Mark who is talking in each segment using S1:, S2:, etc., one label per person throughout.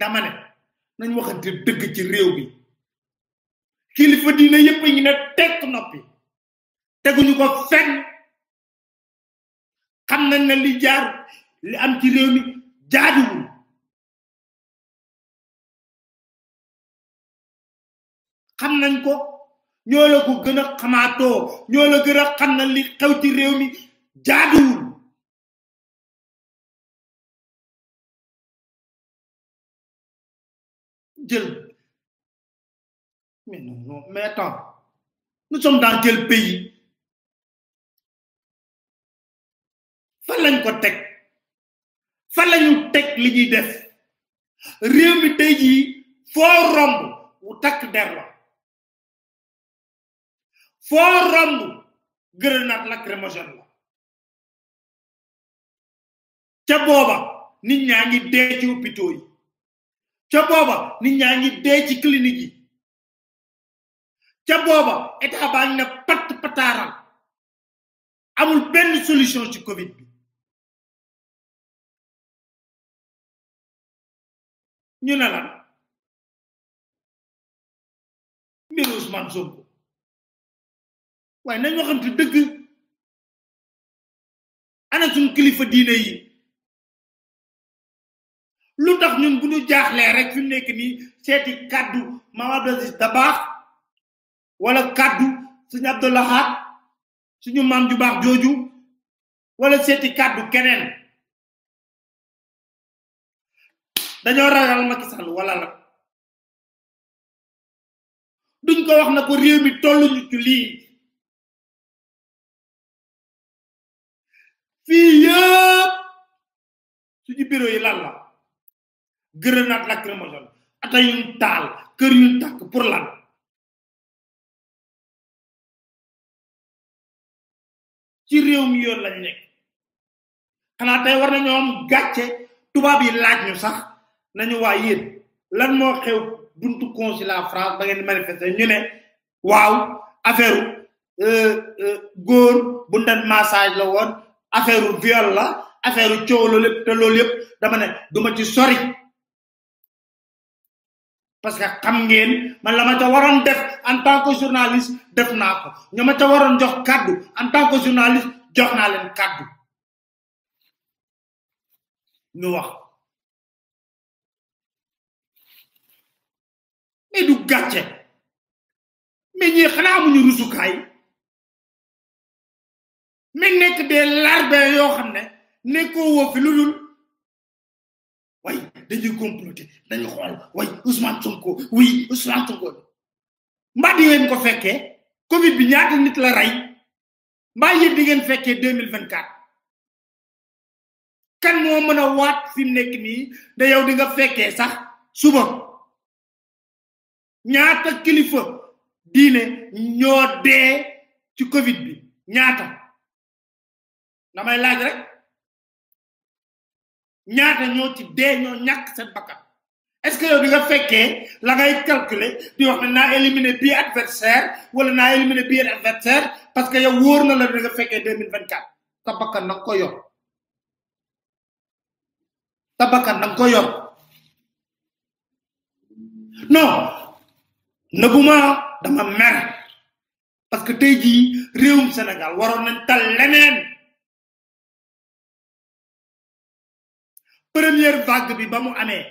S1: dama ne nañ waxante dëgg ci réew mi kilifa diine yépp a ngi ne tekk noppi teguñu ko fenn xam nañ na li jaar li am ci réew mi jaaduwul xam nañ ko ñoo la ko gën a xamaatoo ñoo la gën a xam na li xew ci réew mi jaaduwul jël Mais non, non, mais attends. Nous sommes dans quel pays ko teg fan lañu teg li ñuy def réew mi tey jii romb wu takk der la foo romb grenade lacrymogène la ca booba
S2: ni ñaa ngi dee ca booba nit ñaa ngi dee ci clinique ca booba état baa ngi ne pataaral
S1: amul benn solution ci covid bi ñu ne lan mbiru Ousmane Sonko waaye nañoo xam te dëgg ana suñ kilifa diine yi
S2: lu tax ñun bu ñu jaaxlee rek fi mu nekk nii seeti kaddu maam Abdou Aziz Dabakh wala kaddu suñu Abdou Lahad suñu maam ju baax jooju wala seeti kàddu keneen
S1: dañoo ragal Macky Sall wala la duñ ko wax na ko réew mi tolluñu ci lii fii yëpp suñu bureau yi lan grenade lacrymogène ata yuñ taal kër yuñ tàkk pour lan
S2: ci réew mi yoon lañ nekk xanaa tey war nañoo am gàcce tubaab yi laaj ñu sax nañu waa yéen lan moo xew buntu consulat France ba ngeen di manifester ñu ne waaw affaire euh, euh, góor bu ndan massage la woon affaire viol la affaire coow la loolu yëpp dama ne duma ci sori parce que xam ngeen man la ma ca waroon def en tant que journaliste def naa ko ña ma ca waroon jox kàddu en tant que journaliste jox naa leen kàddu
S1: ñu wax mais du gàcce mais ñi xanaa amuñu rusukaay
S2: mais nekk des larbin yoo xam ne nekkoo woo lu dul dañuy comploter
S1: dañu xool way Ousmane Sonko oui Ousmane Sonko mbaa di ngeen ko fekkee Covid bi ñaata nit la rey mbaa yéen ngeen fekkee deux mille vingt quatre kan moo mën a waat
S2: fi mu nekk nii da yow di nga fekkee sax suba ñaata kilifa diine ñoo dee ci Covid bi
S1: ñaata damay laaj rek.
S2: ñaata ñoo ci dee ñoo ñàkk seen bakkan est que yow di nga fekkee la ngay calculer di wax ne naa éliminer bii adversaire wala naa éliminer bii adversaire parce que yow wóor na la di nga fekkee deux mille vingt quatre sa bakkan na ko yor sa bakkan na ko yor non nëbbuma dama mer parce que tey jii réewum Sénégal
S1: waroon nañ tal leneen première vague bi ba mu amee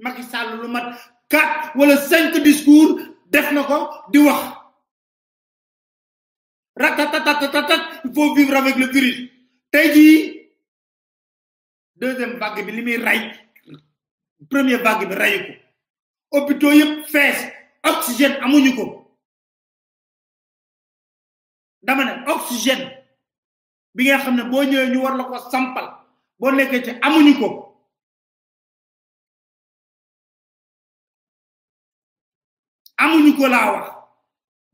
S1: Macky Sall lu mat quatre wala cinq discours def na ko di wax
S2: ratatatatatat il faut vivre avec le virus tey jii deuxième vague bi li muy rey première vague bi reyu ko
S1: hôpitaux yëpp fees oxygène amuñu ko dama ne oxygène bi nga xam ne boo ñëwee ñu war la ko sampal boo nekkee ci amuñu ko amuñu ko laa wax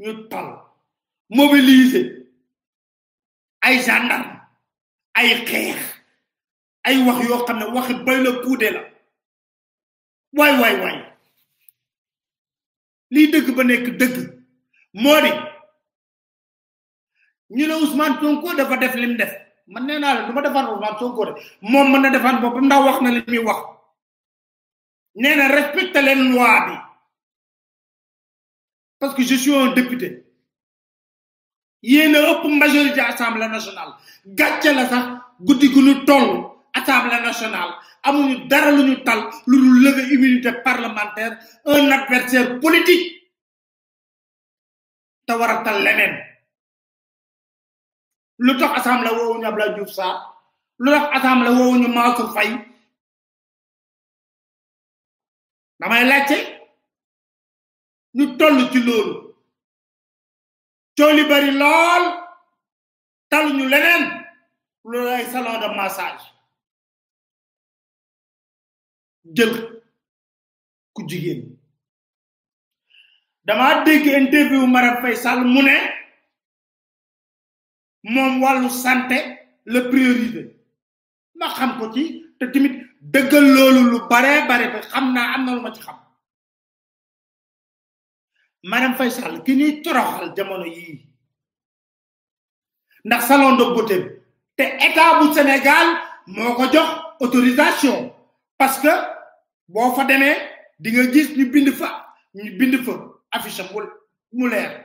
S1: ñu tal mobiliser ay gendarme ay xeex ay wax yoo xam ne wax bay la puude la waay waay
S2: dëgg ba nekk dëgg moo di ñu ne Ousmane Sonko dafa def lim def man nee naa la du ma defaan Ousmane Sonko de moom mën na defaan boppam ndax wax na li muy wax nee na respecté leen loi
S1: bi parce que je suis député
S2: yéen a ëpp majorité assemblée nationale gàcce la sax guddi gu ñu toll assemblée nationale amuñu dara lu ñu tal lu du lever immunité parlementaire un adversaire politique te war a tal leneen.
S1: lu tax assemblée woowuñu Abdoulaye Diouf Sarr lu tax assemblée woowuñu Mansour Faye damay laajte ñu toll ci loolu cooli bari lool taluñu leneen loolu ay salon de massage jël ku jigéen dama dégg interview Marème Faye Sall mu ne
S2: moom wàllu santé la priorité ma xam ko ci te tamit dëggal loolu lu baree bare ba xam naa am na lu ma ci xam madame Faye Sall ki ñuy toroxal jamono yii ndax salon de beauté te état bu Sénégal moo ko jox autorisation parce que boo fa demee dinga nga gis ñu bind fa ñu bind fa affiche am mu leer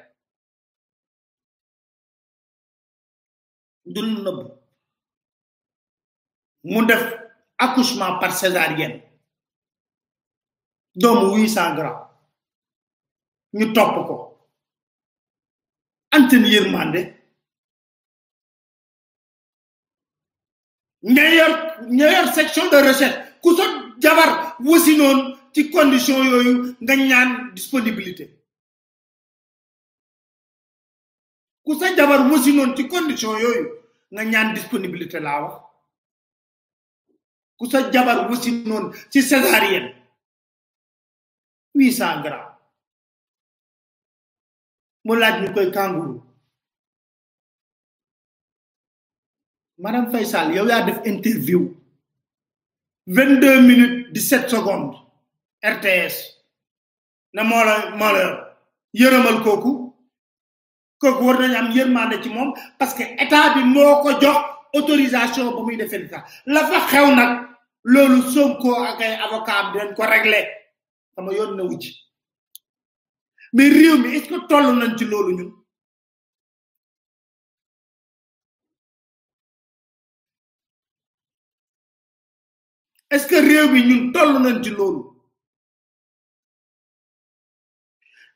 S1: du lu mu
S2: def accouchement par césarienne doomu huit cent grammes ñu topp ko antenne yërmande
S1: ña yor section de recherche ku sa jabar wasi ci condition yooyu nga ñaan disponibilité ku sa
S2: jabar wasinoon ci condition yooyu nga ñaan disponibilité laa ku sa jabar wasinoon ci césarienne
S1: huit cent grammes mu laaj ñu koy kangourou madame Faye Sall def interview
S2: vingt deux minutes dix sept secondes RTS na moo la moo la kooku kooku war nañu am yërmande ci moom parce que état bi moo ko jox autorisation ba muy defee li la fa xew nag loolu Sonko ak ay avocat bi ko réglé sama yoon na ci mais réew mi toll nañ ci loolu ñun.
S1: est-ce que réew mi toll nañ ci loolu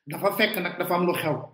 S1: dafa fekk nag dafa am lu xew.